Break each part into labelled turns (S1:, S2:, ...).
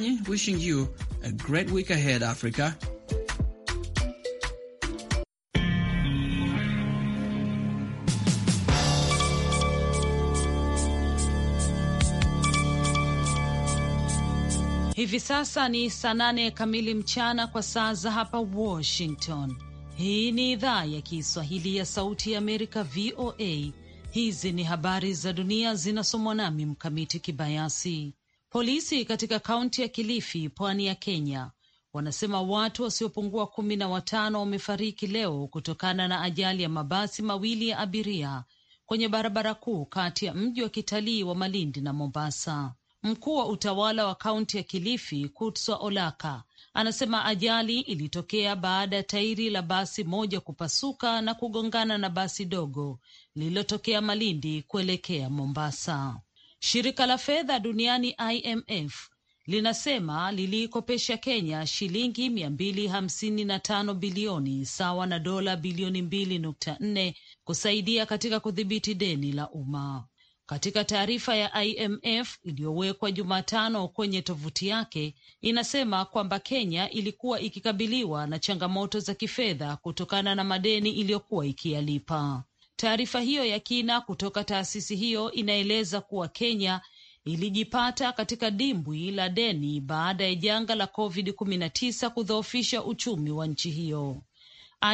S1: Wishing you a great week ahead, Africa.
S2: Hivi sasa ni saa nane kamili mchana kwa saa za hapa Washington. Hii ni idhaa ya Kiswahili ya Sauti ya Amerika, VOA. Hizi ni habari za dunia zinasomwa nami Mkamiti Kibayasi. Polisi katika kaunti ya Kilifi, pwani ya Kenya, wanasema watu wasiopungua kumi na watano wamefariki leo kutokana na ajali ya mabasi mawili ya abiria kwenye barabara kuu kati ya mji wa kitalii wa Malindi na Mombasa. Mkuu wa utawala wa kaunti ya Kilifi, Kutswa Olaka, anasema ajali ilitokea baada ya tairi la basi moja kupasuka na kugongana na basi dogo lililotokea Malindi kuelekea Mombasa. Shirika la fedha duniani IMF linasema liliikopesha Kenya shilingi 255 bilioni sawa na dola bilioni 2.4 kusaidia katika kudhibiti deni la umma. Katika taarifa ya IMF iliyowekwa Jumatano kwenye tovuti yake inasema kwamba Kenya ilikuwa ikikabiliwa na changamoto za kifedha kutokana na madeni iliyokuwa ikiyalipa. Taarifa hiyo ya kina kutoka taasisi hiyo inaeleza kuwa Kenya ilijipata katika dimbwi la deni baada ya janga la COVID-19 kudhoofisha uchumi wa nchi hiyo.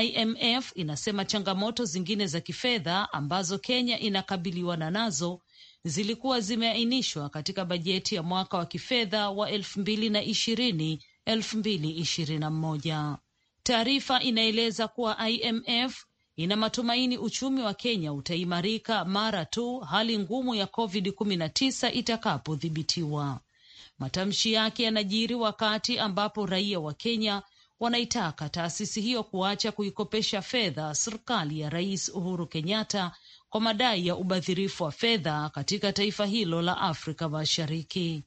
S2: IMF inasema changamoto zingine za kifedha ambazo Kenya inakabiliwana nazo zilikuwa zimeainishwa katika bajeti ya mwaka wa kifedha wa elfu mbili Taarifa inaeleza kuwa IMF ina matumaini uchumi wa Kenya utaimarika mara tu hali ngumu ya COVID-19 itakapodhibitiwa. Matamshi yake yanajiri wakati ambapo raia wa Kenya wanaitaka taasisi hiyo kuacha kuikopesha fedha serikali ya Rais Uhuru Kenyatta kwa madai ya ubadhirifu wa fedha katika taifa hilo la Afrika Mashariki.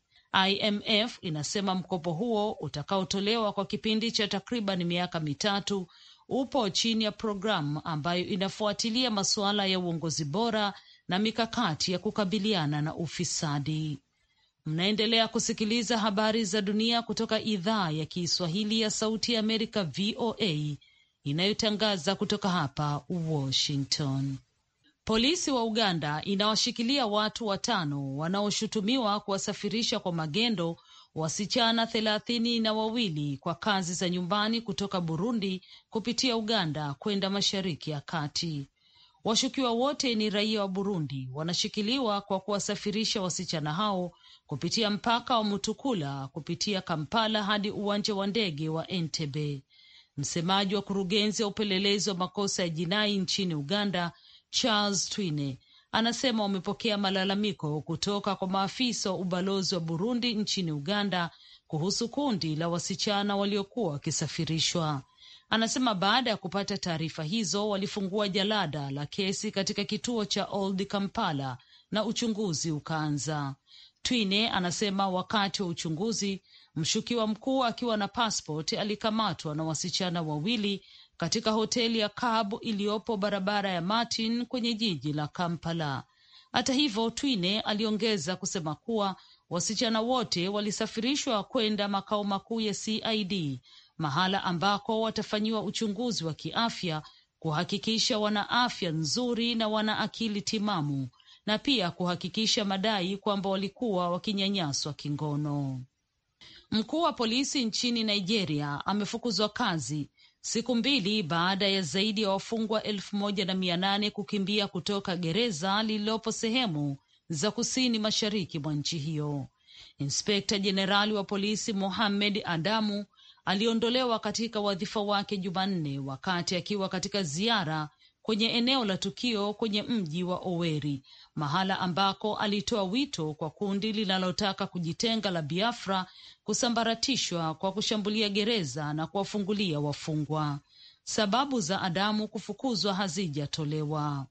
S2: IMF inasema mkopo huo utakaotolewa kwa kipindi cha takriban miaka mitatu upo chini ya programu ambayo inafuatilia masuala ya uongozi bora na mikakati ya kukabiliana na ufisadi. Mnaendelea kusikiliza habari za dunia kutoka idhaa ya Kiswahili ya Sauti ya Amerika, VOA, inayotangaza kutoka hapa Washington. Polisi wa Uganda inawashikilia watu watano wanaoshutumiwa kuwasafirisha kwa magendo wasichana thelathini na wawili kwa kazi za nyumbani kutoka Burundi kupitia Uganda kwenda Mashariki ya Kati. Washukiwa wote ni raia wa Burundi, wanashikiliwa kwa kuwasafirisha wasichana hao kupitia mpaka wa Mutukula kupitia Kampala hadi uwanja wa ndege wa Entebbe. Msemaji wa kurugenzi ya upelelezi wa makosa ya jinai nchini Uganda, Charles Twine anasema wamepokea malalamiko kutoka kwa maafisa wa ubalozi wa Burundi nchini Uganda kuhusu kundi la wasichana waliokuwa wakisafirishwa. Anasema baada ya kupata taarifa hizo walifungua jalada la kesi katika kituo cha Old Kampala na uchunguzi ukaanza. Twine anasema wakati wa uchunguzi, mshukiwa mkuu akiwa na pasipoti alikamatwa na wasichana wawili katika hoteli ya Cab iliyopo barabara ya Martin kwenye jiji la Kampala. Hata hivyo, Twine aliongeza kusema kuwa wasichana wote walisafirishwa kwenda makao makuu ya CID, mahala ambako watafanyiwa uchunguzi wa kiafya kuhakikisha wana afya nzuri na wana akili timamu na pia kuhakikisha madai kwamba walikuwa wakinyanyaswa kingono. Mkuu wa polisi nchini Nigeria amefukuzwa kazi siku mbili baada ya zaidi ya wafungwa elfu moja na mia nane kukimbia kutoka gereza lililopo sehemu za kusini mashariki mwa nchi hiyo. Inspekta Jenerali wa polisi Mohamed Adamu aliondolewa katika wadhifa wake Jumanne wakati akiwa katika ziara kwenye eneo la tukio kwenye mji wa Oweri, mahala ambako alitoa wito kwa kundi linalotaka kujitenga la Biafra kusambaratishwa kwa kushambulia gereza na kuwafungulia wafungwa. Sababu za Adamu kufukuzwa hazijatolewa.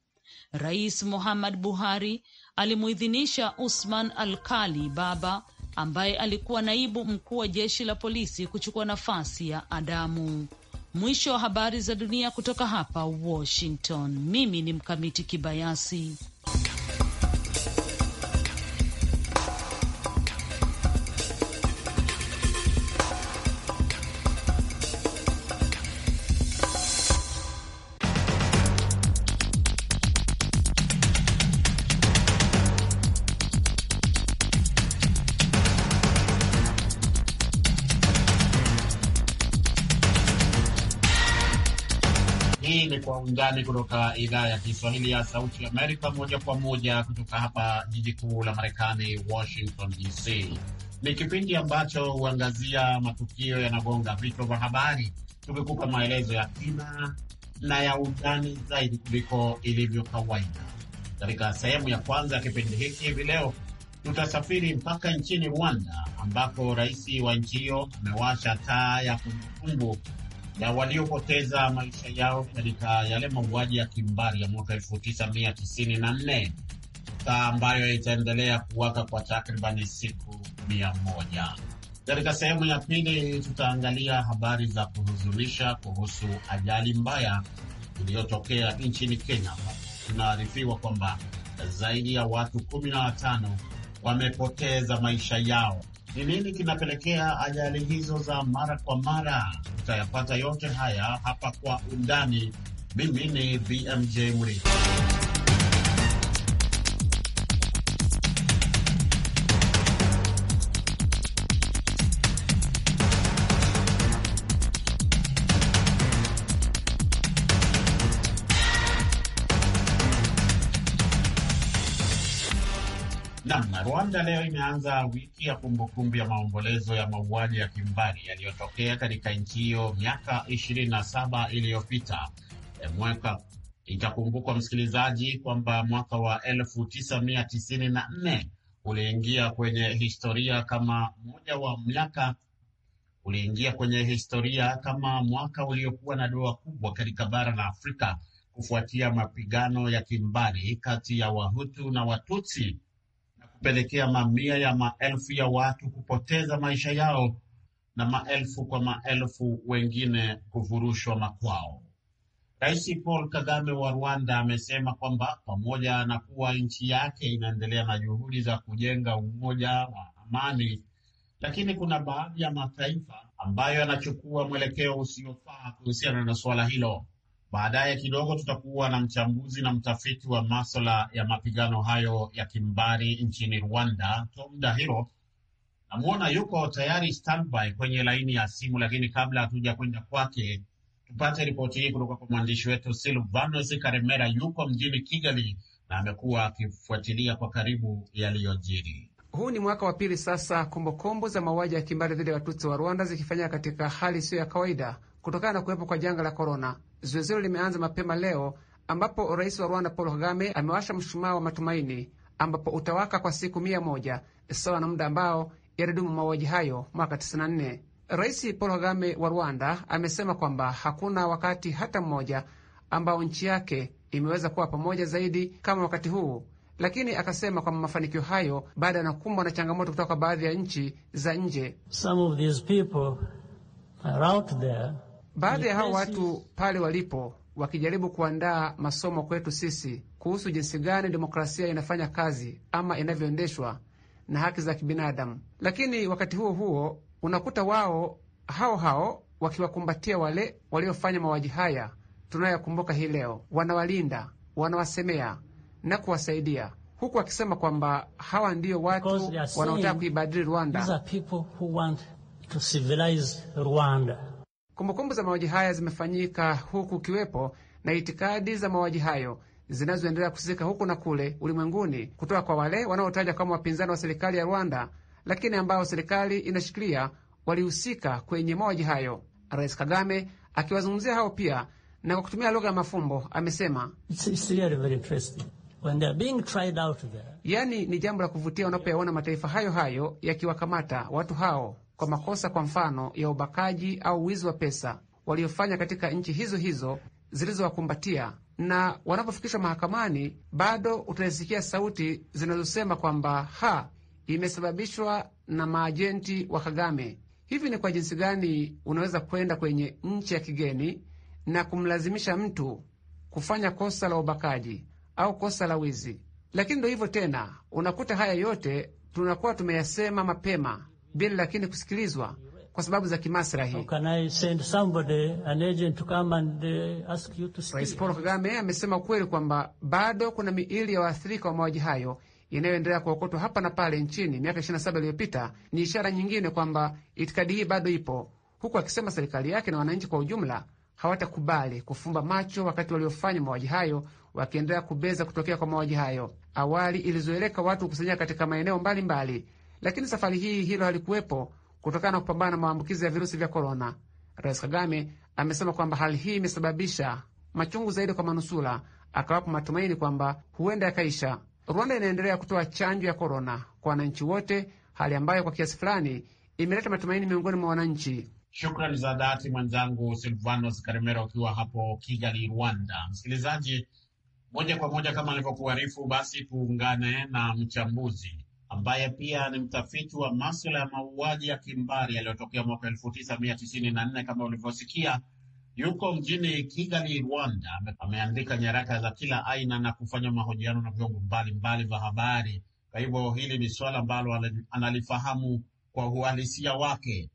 S2: Rais Muhammad Buhari alimuidhinisha Usman Alkali Baba ambaye alikuwa naibu mkuu wa jeshi la polisi kuchukua nafasi ya Adamu. Mwisho wa habari za dunia kutoka hapa Washington. Mimi ni Mkamiti Kibayasi.
S3: undani kutoka idhaa ya Kiswahili ya Sauti Amerika, moja kwa moja kutoka hapa jiji kuu la Marekani, Washington DC. Ni kipindi ambacho huangazia matukio yanagonga vichwa vya habari, tukikupa maelezo ya kina na ya undani zaidi kuliko ilivyo kawaida. Katika sehemu ya kwanza ya kipindi hiki hivi leo tutasafiri mpaka nchini Rwanda, ambapo rais wa nchi hiyo amewasha taa ya kumbukumbu na waliopoteza maisha yao katika yale mauaji ya kimbari ya mwaka 1994 ambayo itaendelea kuwaka kwa takribani siku mia moja. Katika sehemu ya pili tutaangalia habari za kuhuzunisha kuhusu ajali mbaya iliyotokea nchini Kenya. Tunaarifiwa kwamba zaidi ya watu 15 wamepoteza maisha yao ni nini kinapelekea ajali hizo za mara kwa mara? Tutayapata yote haya hapa kwa undani. Mimi ni BMJ Murithi. Naam, Rwanda leo imeanza wiki ya kumbukumbu ya maombolezo ya mauaji ya kimbari yaliyotokea katika nchi hiyo miaka 27 iliyopita. E, mwaka itakumbukwa msikilizaji, kwamba mwaka wa 1994 uliingia kwenye historia kama moja wa miaka uliingia kwenye historia kama mwaka uliokuwa na doa kubwa katika bara la Afrika kufuatia mapigano ya kimbari kati ya Wahutu na Watutsi kupelekea mamia ya maelfu ya watu kupoteza maisha yao na maelfu kwa maelfu wengine kuvurushwa makwao. Rais Paul Kagame wa Rwanda amesema kwamba pamoja na kuwa nchi yake inaendelea na juhudi za kujenga umoja wa amani, lakini kuna baadhi ya mataifa ambayo yanachukua mwelekeo usiofaa kuhusiana na suala hilo. Baadaye kidogo tutakuwa na mchambuzi na mtafiti wa maswala ya mapigano hayo ya kimbari nchini Rwanda, Tom Dahiro. Namwona yuko tayari standby kwenye laini ya simu, lakini kabla hatuja kwenda kwake, tupate ripoti hii kutoka kwa mwandishi wetu silvanos Karemera. Yuko mjini Kigali na amekuwa akifuatilia kwa karibu yaliyojiri.
S1: Huu ni mwaka wa pili sasa kombokombo za mauaji ya kimbari dhidi ya Watutsi wa Rwanda zikifanyika katika hali isiyo ya kawaida kutokana na kuwepo kwa janga la korona. Zoezi hilo limeanza mapema leo, ambapo rais wa Rwanda Paul Kagame amewasha mshumaa wa matumaini, ambapo utawaka kwa siku mia moja sawa na muda ambao yalidumu mauaji hayo mwaka 94. Rais Paul Kagame wa Rwanda amesema kwamba hakuna wakati hata mmoja ambao nchi yake imeweza kuwa pamoja zaidi kama wakati huu, lakini akasema kwamba mafanikio hayo baada ya na changamoto kutoka baadhi ya nchi za nje. Some of these people are out there baadhi ya hao watu pale walipo wakijaribu kuandaa masomo kwetu sisi kuhusu jinsi gani demokrasia inafanya kazi ama inavyoendeshwa na haki za kibinadamu, lakini wakati huo huo unakuta wao hao hao wakiwakumbatia wale waliofanya mauaji haya tunayoyakumbuka hii leo, wanawalinda, wanawasemea na kuwasaidia, huku wakisema kwamba hawa ndiyo watu wanaotaka kuibadili Rwanda. Kumbukumbu za mauaji haya zimefanyika huku kiwepo na itikadi za mauaji hayo zinazoendelea kusika huku na kule ulimwenguni kutoka kwa wale wanaotaja kama wapinzani wa serikali ya Rwanda, lakini ambao serikali inashikilia walihusika kwenye mauaji hayo. Rais Kagame akiwazungumzia hao pia na kwa kutumia lugha ya mafumbo amesema it's, it's really Yani ni jambo la kuvutia unapoyaona mataifa hayo hayo yakiwakamata watu hao kwa makosa kwa mfano ya ubakaji au wizi wa pesa waliofanya katika nchi hizo hizo zilizowakumbatia, na wanapofikishwa mahakamani bado utazisikia sauti zinazosema kwamba ha, imesababishwa na maajenti wa Kagame. Hivi ni kwa jinsi gani unaweza kwenda kwenye nchi ya kigeni na kumlazimisha mtu kufanya kosa la ubakaji au kosa la wizi? Lakini ndo hivyo tena, unakuta haya yote tunakuwa tumeyasema mapema bila lakini kusikilizwa kwa sababu za kimaslahi. Uh, Rais Paul Kagame amesema ukweli kwamba bado kuna miili ya waathirika wa mauaji hayo inayoendelea kuokotwa hapa na pale nchini miaka 27 iliyopita ni ishara nyingine kwamba itikadi hii bado ipo, huku akisema serikali yake na wananchi kwa ujumla hawatakubali kufumba macho wakati waliofanya mauaji hayo wakiendelea kubeza kutokea kwa mauaji hayo. Awali ilizoeleka watu kukusanyika katika maeneo mbalimbali lakini safari hii hilo halikuwepo kutokana na kupambana na maambukizi ya virusi vya korona. Rais Kagame amesema kwamba hali hii imesababisha machungu zaidi kwa manusula, akawapo matumaini kwamba huenda yakaisha. Rwanda inaendelea kutoa chanjo ya korona kwa wananchi wote, hali ambayo kwa kiasi fulani imeleta matumaini miongoni mwa wananchi.
S3: Shukrani za dhati mwenzangu Silvanos Karemera ukiwa hapo Kigali, Rwanda. Msikilizaji, moja kwa moja kama alivyokuarifu, basi tuungane na mchambuzi ambaye pia ni mtafiti wa masuala ya mauaji ya kimbari yaliyotokea mwaka 1994 kama ulivyosikia, yuko mjini Kigali, Rwanda. Ameandika nyaraka za kila aina na kufanya mahojiano na vyombo mbalimbali vya habari. Kwa hivyo hili ni swala ambalo analifahamu kwa uhalisia wake.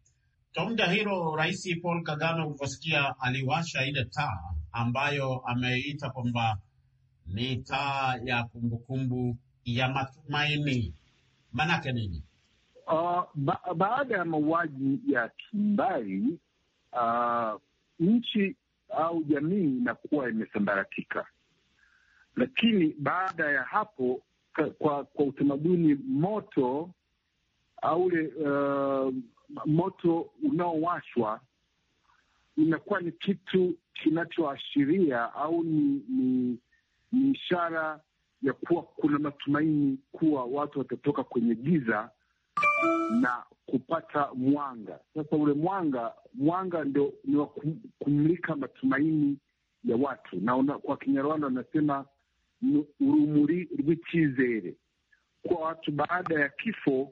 S3: tomda hilo Rais Paul Kagame, ulivyosikia, aliwasha ile taa ambayo ameita kwamba ni taa ya kumbukumbu ya matumaini Maanake nini?
S4: Uh, ba baada ya mauaji ya kimbari uh, nchi au jamii inakuwa imesambaratika, lakini baada ya hapo kwa, kwa utamaduni moto au ule uh, moto unaowashwa inakuwa ni kitu kinachoashiria au ni, ni, ni ishara ya kuwa kuna matumaini kuwa watu watatoka kwenye giza na kupata mwanga. Sasa ule mwanga mwanga ndio ni wa kumulika matumaini ya watu, na una, kwa Kinyarwanda wanasema urumuri rw'icyizere, kuwa watu baada ya kifo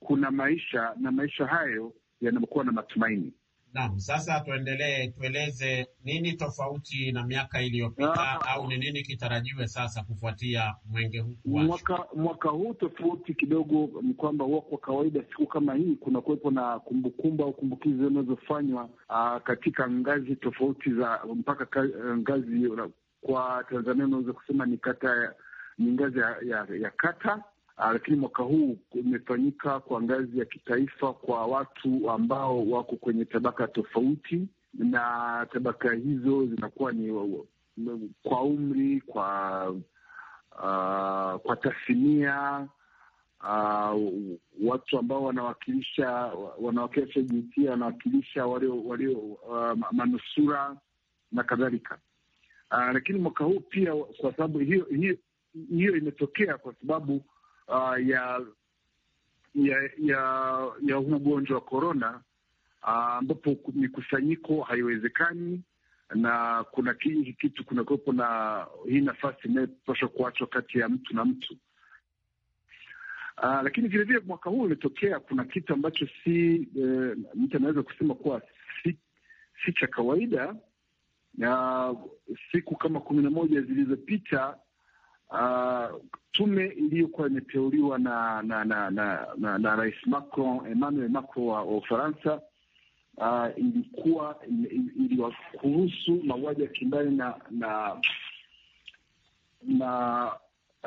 S4: kuna maisha na maisha hayo yanakuwa na matumaini.
S3: Naam, sasa tuendelee, tueleze nini tofauti na miaka iliyopita au ni nini kitarajiwe sasa kufuatia mwenge huu? Mwaka,
S4: mwaka huu tofauti kidogo ni kwamba huwa kwa kawaida siku kama hii kuna kuwepo na kumbukumbu au kumbukizi zinazofanywa ah, katika ngazi tofauti za mpaka ngazi kwa Tanzania unaweza kusema ni kata ni ngazi ya, ya, ya kata Ah, lakini mwaka huu umefanyika kwa ngazi ya kitaifa kwa watu ambao wako kwenye tabaka tofauti, na tabaka hizo zinakuwa ni kwa umri, kwa uh, kwa tasnia uh, watu ambao wanawakilisha wanawakilisha jinsia, wanawakilisha walio walio uh, manusura na kadhalika. Uh, lakini mwaka huu pia kwa sababu hiyo hiyo hiyo imetokea kwa sababu uh, ya ya ya ya huu ugonjwa wa korona ah, ambapo uh, mikusanyiko haiwezekani na kuna kingi kitu kunakuwepo na hii nafasi inayopashwa kuachwa kati ya mtu na mtu uh, lakini vilevile mwaka huu umetokea kuna kitu ambacho si uh, mtu anaweza kusema kuwa si, si cha kawaida na siku kama kumi na moja zilizopita uh, tume iliyokuwa imeteuliwa na na na, na, na na Rais Macron, Emmanuel Macron wa Ufaransa uh, ilikuwa iliwakuhusu mauaji ya kimbari na na na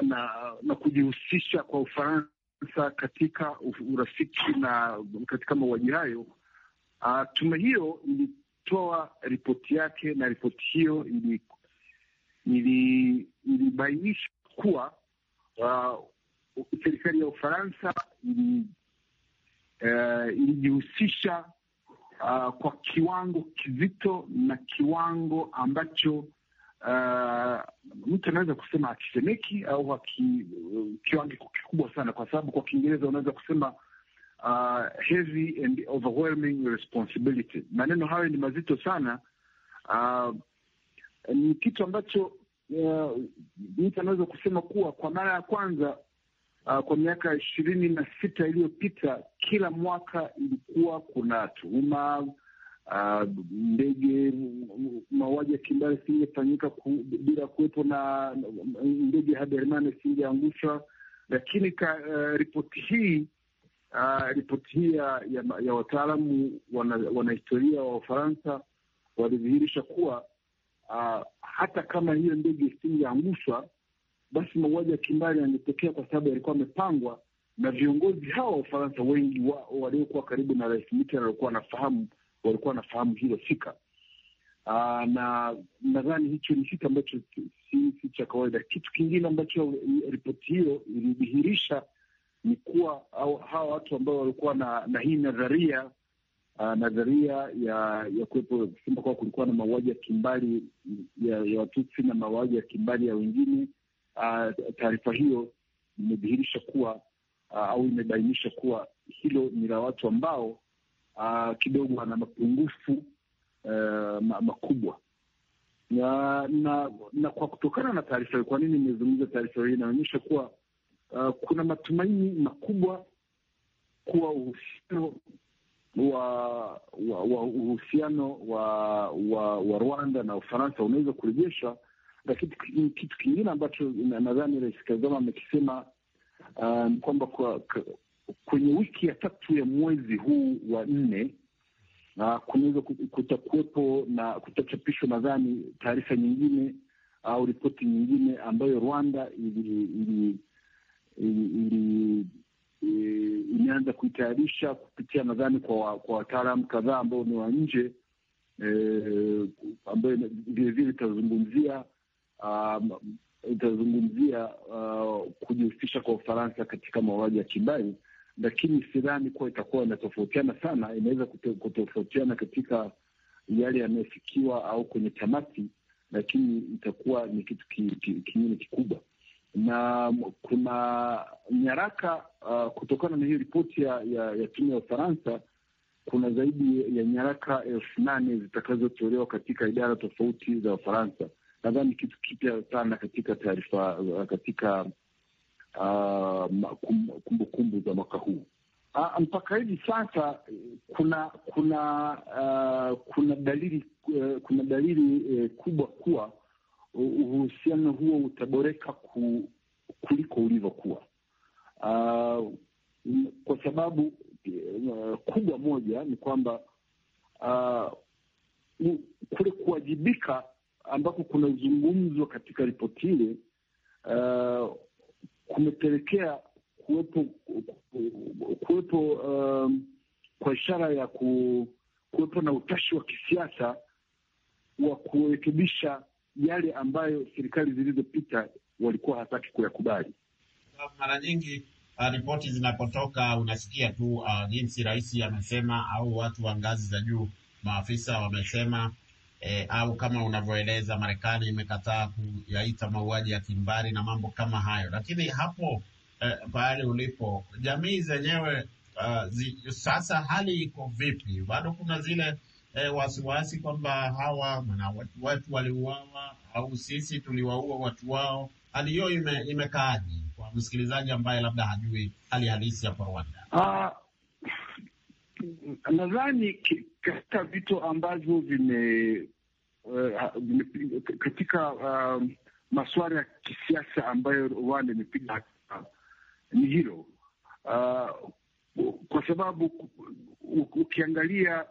S4: na, na kujihusisha kwa Ufaransa katika urafiki na katika mauaji hayo. Uh, tume hiyo ilitoa ripoti yake na ripoti hiyo ili ilibainisha kuwa uh, serikali ya Ufaransa uh, ilijihusisha uh, uh, kwa kiwango kizito na kiwango ambacho Uh, mtu anaweza kusema akisemeki au aki, uh, kiwango kikubwa sana, kwa sababu kwa Kiingereza unaweza kusema uh, heavy and overwhelming responsibility. Maneno hayo ni mazito sana uh, Eh, ni kitu ambacho eh, mtu uh, anaweza kusema kuwa kwa mara ya kwanza uh, kwa miaka ishirini na sita iliyopita kila mwaka ilikuwa kuna tuhuma uh, ndege mauaji ya kimbari isingefanyika ku, bila kuwepo na ndege Habyarimana isingeangushwa, lakini ka, uh, ripoti hii uh, ripoti hii ya, ya wataalamu wanahistoria wana wa Ufaransa walidhihirisha kuwa uh, hata kama hiyo ndege isingeangushwa, basi mauaji ya kimbari yangetokea kwa sababu yalikuwa amepangwa na viongozi hawa wa Ufaransa. Wengi waliokuwa karibu na Rais Mitterrand walikuwa wanafahamu walikuwa wanafahamu hilo fika. Ah, na nadhani hicho ni kitu ambacho si, si cha kawaida. Kitu kingine ambacho ripoti hiyo ilidhihirisha ni kuwa hawa watu ambao walikuwa na, na hii nadharia uh, nadharia ya ya kuwepo kusema kuwa kulikuwa na mauaji ya kimbali ya, ya Watutsi na mauaji ya kimbali ya wengine. Uh, taarifa hiyo imedhihirisha kuwa uh, au imebainisha kuwa hilo ni la watu ambao uh, kidogo wana mapungufu uh, makubwa na, na, na kwa kutokana na taarifa hiyo, kwa nini nimezungumza taarifa hiyo, inaonyesha kuwa uh, kuna matumaini makubwa kuwa uhusiano wa uhusiano wa wa, wa wa Rwanda na Ufaransa unaweza kurejesha, lakini kitu kingine ambacho nadhani Rais Kagame amekisema um, kwamba kwa, kwenye wiki ya tatu ya mwezi huu wa nne uh, kunaweza kutakuwepo na kutachapishwa nadhani taarifa nyingine au ripoti nyingine ambayo Rwanda ili, ili, ili, ili E, imeanza kuitayarisha kupitia nadhani kwa kwa wataalamu kadhaa ambao ni wa nje e, ambayo vilevile itazungumzia um, itazungumzia uh, kujihusisha kwa Ufaransa katika mauaji ya kimbari, lakini sidhani kuwa itakuwa inatofautiana sana. Inaweza kutofautiana katika yale yanayofikiwa au kwenye tamati, lakini itakuwa ni kitu kingine ki, ki, kikubwa na kuna nyaraka uh, kutokana na hiyo ripoti ya, ya, ya tume ya Ufaransa, kuna zaidi ya nyaraka elfu nane zitakazotolewa katika idara tofauti za Ufaransa. Nadhani kitu kipya sana katika taarifa uh, katika uh, kumbukumbu kumbu za mwaka huu uh, mpaka hivi sasa kuna kuna uh, kuna dalili uh, kuna dalili uh, kubwa kuwa uhusiano huo utaboreka ku, kuliko ulivyokuwa uh, kwa sababu uh, kubwa moja ni kwamba uh, kule kuwajibika ambako kunazungumzwa katika ripoti ile uh, ah, kumepelekea kuwepo kuwepo um, kwa ishara ya ku, kuwepo na utashi wa kisiasa wa kurekebisha yale ambayo serikali zilizopita walikuwa hataki kuyakubali.
S3: Mara nyingi uh, ripoti zinapotoka unasikia tu uh, jinsi rais amesema au watu wa ngazi za juu maafisa wamesema eh, au kama unavyoeleza Marekani imekataa kuyaita mauaji ya kimbari na mambo kama hayo, lakini hapo eh, pahali ulipo jamii zenyewe uh, zi, sasa hali iko vipi? Bado kuna zile eh, wasiwasi kwamba hawa mana watu, watu waliuawa au sisi tuliwaua watu wao. Hali hiyo ime, imekaaji kwa msikilizaji ambaye labda hajui hali halisi hapa Rwanda?
S4: Uh, nadhani katika vitu ambavyo vime uh, katika uh, um, masuala ya kisiasa ambayo Rwanda imepiga ah, ni hilo uh, kwa sababu ukiangalia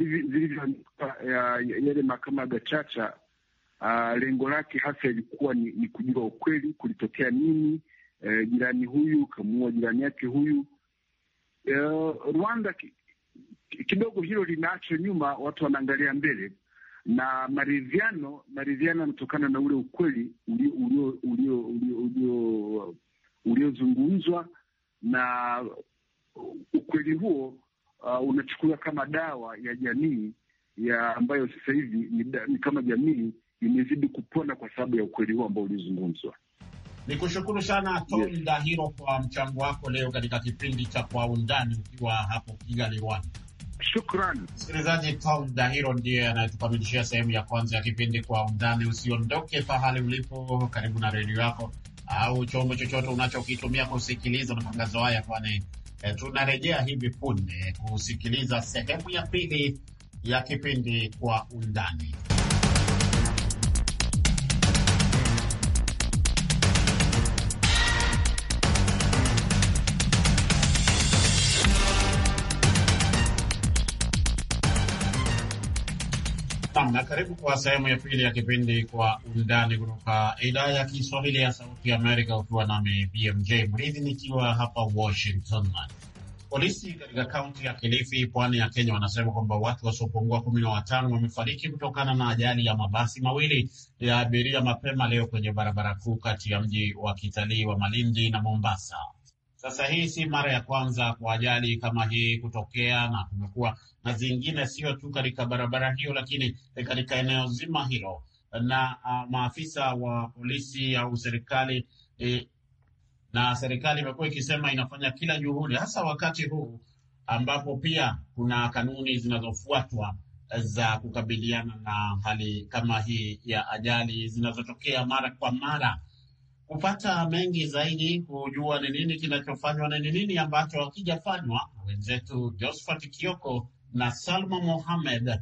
S4: zilivyoandikwa yale mahakama ya Gachacha, uh, lengo lake hasa ilikuwa ni, ni kujua ukweli kulitokea nini, eh, jirani huyu kamuua jirani yake huyu. Eh, Rwanda ki, kidogo hilo linaachwa nyuma, watu wanaangalia mbele na maridhiano. Maridhiano yanatokana na ule ukweli uliozungumzwa na ukweli huo uh, unachukuliwa kama dawa ya jamii ya ambayo sasa hivi ni, ni kama jamii imezidi kupona kwa sababu ya ukweli huo ambao ulizungumzwa.
S3: Ni kushukuru sana Tony yes, Dahiro kwa mchango wako leo katika kipindi cha Kwa Undani ukiwa hapo Kigali, Rwanda. Shukran msikilizaji. Tom Dahiro ndiye anayetukamilishia sehemu ya kwanza ya kipindi Kwa Undani. Usiondoke pahali ulipo, karibu na redio yako au chombo chochote unachokitumia kusikiliza matangazo haya, kwani E, tunarejea hivi punde kusikiliza sehemu ya pili ya kipindi kwa undani. na karibu kwa sehemu ya pili ya kipindi Kwa Undani kutoka idhaa ya Kiswahili ya Sauti ya Amerika, ukiwa nami BMJ Mridhi nikiwa hapa Washington. Polisi katika kaunti ya Kilifi, pwani ya Kenya, wanasema kwamba watu wasiopungua kumi na watano wamefariki kutokana na ajali ya mabasi mawili ya abiria mapema leo kwenye barabara kuu kati ya mji wa kitalii wa Malindi na Mombasa. Sasa hii si mara ya kwanza kwa ajali kama hii kutokea, na kumekuwa na zingine, sio tu katika barabara hiyo, lakini katika eneo zima hilo, na uh, maafisa wa polisi au serikali eh, na serikali imekuwa ikisema inafanya kila juhudi, hasa wakati huu ambapo pia kuna kanuni zinazofuatwa za kukabiliana na hali kama hii ya ajali zinazotokea mara kwa mara kupata mengi zaidi, kujua ni nini kinachofanywa na ni nini ambacho hakijafanywa, wenzetu Josphat Kioko na Salma Mohamed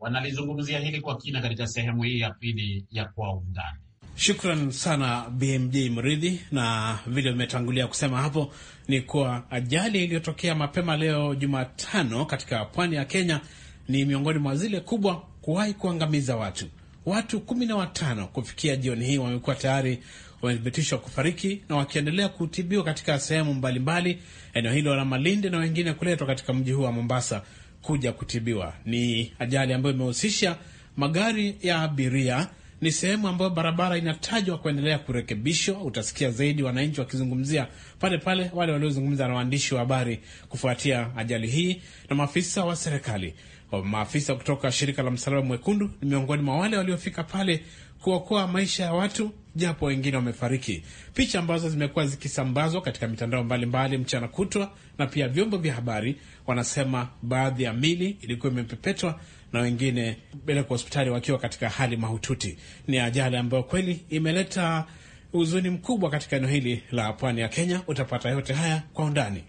S3: wanalizungumzia hili kwa kina katika sehemu hii ya pili ya Kwa
S5: Undani. Shukran sana BMJ Mridhi, na vile vimetangulia kusema hapo ni kuwa ajali iliyotokea mapema leo Jumatano katika pwani ya Kenya ni miongoni mwa zile kubwa kuwahi kuangamiza watu. Watu kumi na watano kufikia jioni hii wamekuwa tayari wamethibitishwa kufariki na wakiendelea kutibiwa katika sehemu mbalimbali eneo hilo la Malindi na wengine kuletwa katika mji huu wa Mombasa kuja kutibiwa. Ni ajali ambayo imehusisha magari ya abiria. Ni sehemu ambayo barabara inatajwa kuendelea kurekebishwa. Utasikia zaidi wananchi wakizungumzia pale pale, wale waliozungumza na waandishi wa habari kufuatia ajali hii na maafisa wa serikali. Maafisa kutoka shirika la Msalaba Mwekundu ni miongoni mwa wale waliofika pale kuokoa maisha ya watu japo wengine wamefariki. Picha ambazo zimekuwa zikisambazwa katika mitandao mbalimbali mchana kutwa na pia vyombo vya habari, wanasema baadhi ya mili ilikuwa imepepetwa na wengine bele kwa hospitali wakiwa katika hali mahututi. Ni ajali ambayo kweli imeleta huzuni mkubwa katika eneo hili la pwani ya Kenya. Utapata yote haya kwa undani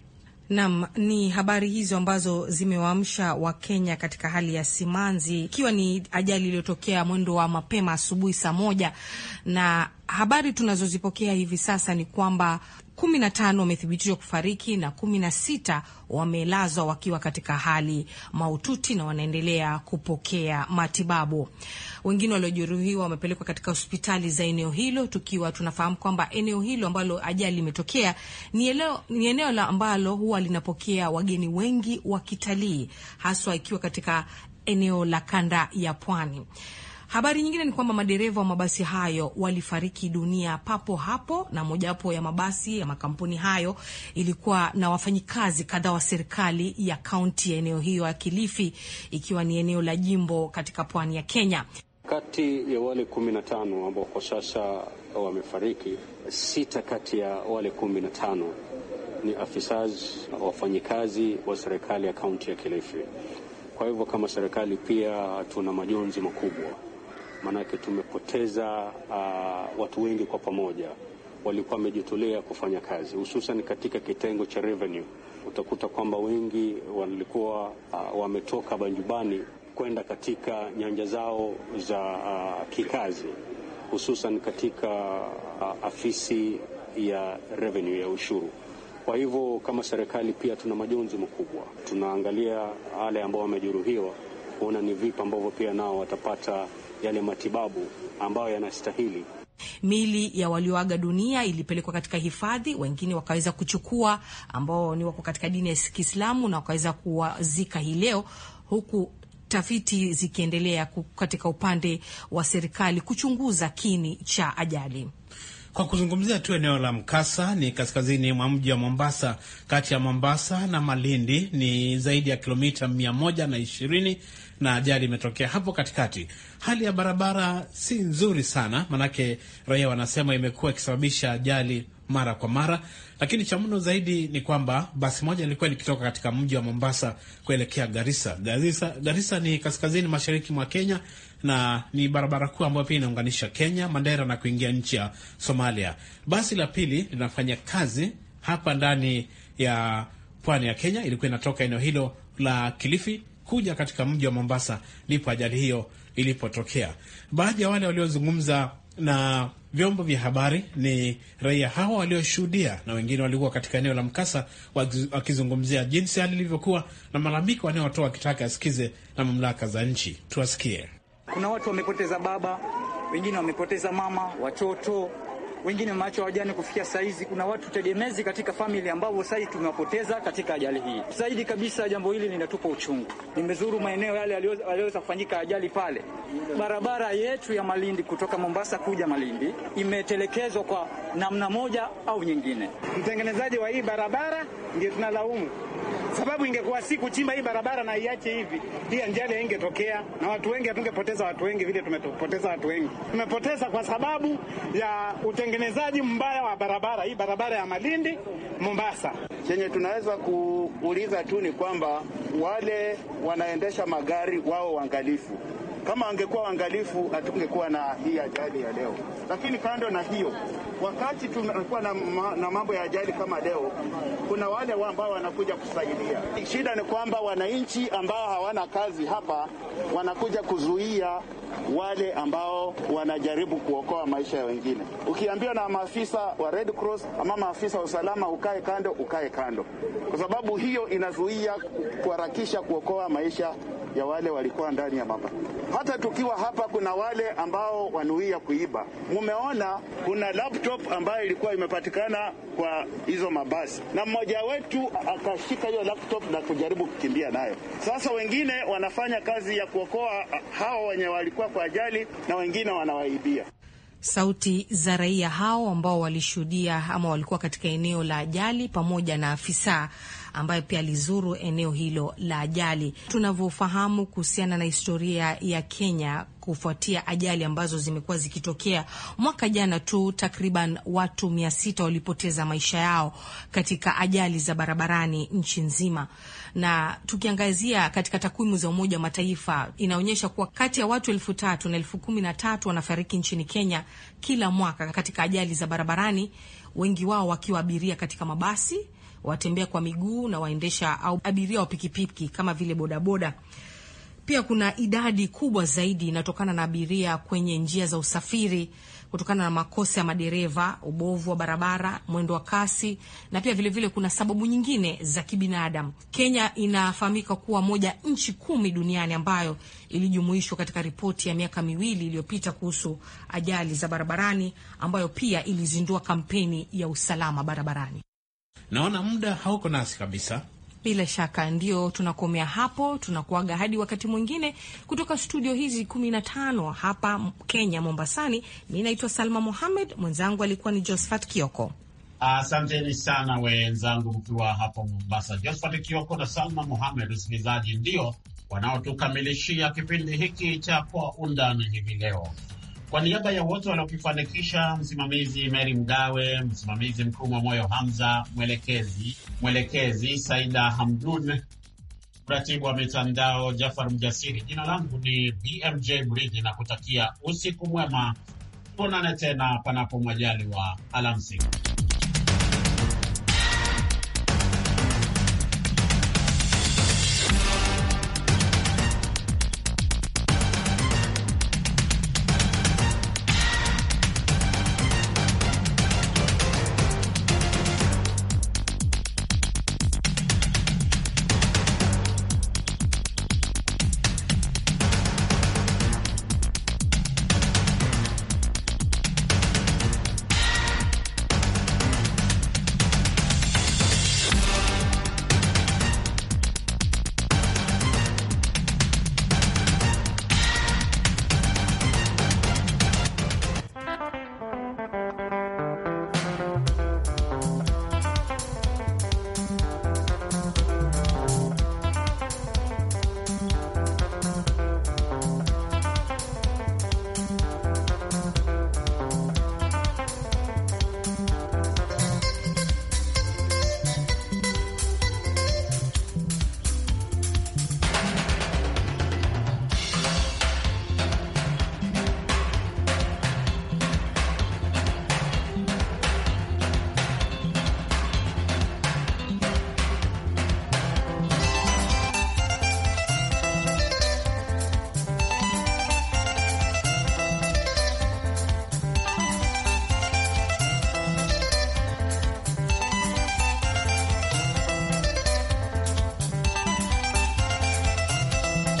S6: Nam, ni habari hizo ambazo zimewaamsha Wakenya katika hali ya simanzi, ikiwa ni ajali iliyotokea mwendo wa mapema asubuhi saa moja na habari tunazozipokea hivi sasa ni kwamba kumi na tano wamethibitishwa kufariki na kumi na sita wamelazwa wakiwa katika hali maututi na wanaendelea kupokea matibabu. Wengine waliojeruhiwa wamepelekwa katika hospitali za eneo hilo, tukiwa tunafahamu kwamba eneo hilo ambalo ajali imetokea ni eneo la ambalo huwa linapokea wageni wengi wa kitalii, haswa ikiwa katika eneo la kanda ya pwani. Habari nyingine ni kwamba madereva wa mabasi hayo walifariki dunia papo hapo, na mojawapo ya mabasi ya makampuni hayo ilikuwa na wafanyikazi kadhaa wa serikali ya kaunti ya eneo hiyo ya Kilifi, ikiwa ni eneo la jimbo katika pwani ya Kenya.
S5: Kati ya wale kumi na tano ambao kwa sasa wamefariki, sita kati ya wale kumi na tano ni afisa wafanyikazi wa serikali ya kaunti ya Kilifi. Kwa hivyo kama serikali pia tuna majonzi makubwa maanake tumepoteza uh, watu wengi kwa pamoja walikuwa wamejitolea kufanya kazi hususan katika kitengo cha revenue. Utakuta kwamba wengi walikuwa uh, wametoka banjubani kwenda katika nyanja zao za uh, kikazi hususan katika uh, afisi ya revenue ya ushuru. Kwa hivyo kama serikali pia tuna majonzi makubwa, tunaangalia wale ambao wamejeruhiwa kuona ni vipi ambavyo pia nao watapata yale matibabu ambayo yanastahili.
S6: Mili ya walioaga dunia ilipelekwa katika hifadhi, wengine wakaweza kuchukua, ambao ni wako katika dini ya Kiislamu na wakaweza kuwazika hii leo huku tafiti zikiendelea katika upande wa serikali kuchunguza kini cha ajali.
S5: Kwa kuzungumzia tu eneo la mkasa, ni kaskazini mwa mji wa Mombasa. Kati ya Mombasa na Malindi ni zaidi ya kilomita mia moja na ishirini na ajali imetokea hapo katikati. Hali ya barabara si nzuri sana, manake raia wanasema imekuwa ikisababisha ajali mara kwa mara, lakini cha mno zaidi ni kwamba basi moja ilikuwa likitoka katika mji wa Mombasa kuelekea Garissa. Garissa, Garissa ni kaskazini mashariki mwa Kenya na ni barabara kuu ambayo pia inaunganisha Kenya, Mandera na kuingia nchi ya Somalia. Basi la pili linafanya kazi hapa ndani ya pwani ya Kenya, ilikuwa inatoka eneo hilo la Kilifi kuja katika mji wa Mombasa ndipo ajali hiyo ilipotokea. Baadhi ya wale waliozungumza na vyombo vya habari ni raia hawa walioshuhudia, na wengine walikuwa katika eneo la mkasa wakizungumzia jinsi hali ilivyokuwa na malalamiko wanayotoa wakitaka asikize na mamlaka za nchi. Tuwasikie. Kuna watu wamepoteza baba, wengine wamepoteza mama, watoto wengine macho hawajani kufikia saizi. Kuna watu tegemezi katika famili ambao sasa tumewapoteza katika ajali hii. Zaidi kabisa, jambo hili linatupa uchungu. Nimezuru maeneo yale yaliyoweza kufanyika ajali pale. Barabara yetu ya Malindi kutoka Mombasa
S3: kuja Malindi
S5: imetelekezwa kwa namna moja
S3: au nyingine.
S5: Mtengenezaji wa hii barabara ndio tunalaumu sababu ingekuwa si kuchimba hii barabara na iache hivi, hii ajali haingetokea na watu wengi hatungepoteza watu wengi vile tumepoteza watu wengi. Tumepoteza kwa sababu ya utengenezaji mbaya wa barabara hii, barabara ya Malindi Mombasa. Chenye tunaweza kuuliza tu ni kwamba wale wanaendesha
S3: magari wao uangalifu kama angekuwa waangalifu, hatungekuwa na hii ajali ya leo. Lakini kando na hiyo, wakati tunakuwa na, na mambo ya ajali kama leo, kuna wale ambao wanakuja kusaidia. Shida ni kwamba wananchi ambao hawana kazi hapa wanakuja kuzuia wale ambao wanajaribu kuokoa maisha ya wengine. Ukiambiwa na maafisa wa Red Cross ama maafisa wa usalama ukae kando, ukae kando, kwa sababu hiyo inazuia kuharakisha kuokoa maisha ya wale walikuwa ndani ya mama. Hata tukiwa hapa, kuna wale ambao wanuia kuiba. Mumeona kuna laptop ambayo ilikuwa imepatikana kwa hizo mabasi, na mmoja wetu akashika hiyo laptop na kujaribu kukimbia nayo. Sasa wengine wanafanya kazi ya kuokoa hao wenye walikuwa kwa ajali, na wengine wanawaibia.
S6: Sauti za raia hao ambao walishuhudia ama walikuwa katika eneo la ajali pamoja na afisa ambaye pia alizuru eneo hilo la ajali. Tunavyofahamu kuhusiana na historia ya Kenya kufuatia ajali ambazo zimekuwa zikitokea, mwaka jana tu takriban watu mia sita walipoteza maisha yao katika ajali za barabarani nchi nzima. Na tukiangazia katika takwimu za Umoja wa Mataifa inaonyesha kuwa kati ya watu elfu tatu na elfu kumi na tatu wanafariki nchini Kenya kila mwaka katika ajali za barabarani, wengi wao wakiwa abiria katika mabasi watembea kwa miguu na waendesha au abiria wa pikipiki kama vile bodaboda. Pia kuna idadi kubwa zaidi inatokana na abiria kwenye njia za usafiri kutokana na makosa ya madereva, ubovu wa barabara, mwendo wa kasi, na pia vilevile vile kuna sababu nyingine za kibinadamu. Kenya inafahamika kuwa moja nchi kumi duniani ambayo ilijumuishwa katika ripoti ya miaka miwili iliyopita kuhusu ajali za barabarani, ambayo pia ilizindua kampeni ya usalama barabarani
S5: naona muda hauko nasi kabisa.
S6: Bila shaka ndio tunakomea hapo, tunakuaga hadi wakati mwingine kutoka studio hizi 15 hapa Kenya, Mombasani. Mi naitwa Salma Mohamed, mwenzangu alikuwa ni Josphat Kioko.
S3: Asanteni sana wenzangu, mkiwa hapo Mombasa, Josphat Kioko na Salma Mohamed. Msikilizaji, ndio wanaotukamilishia kipindi hiki cha Kwa Undani hivi leo. Kwa niaba ya wote wanaokifanikisha, msimamizi Meri Mgawe, msimamizi mkuu Mwamoyo Hamza, mwelekezi mwelekezi Saida Hamdun, mratibu wa mitandao Jafar Mjasiri. Jina langu ni BMJ Mridhi na kutakia usiku mwema, tuonane tena panapo wa Alamsiki.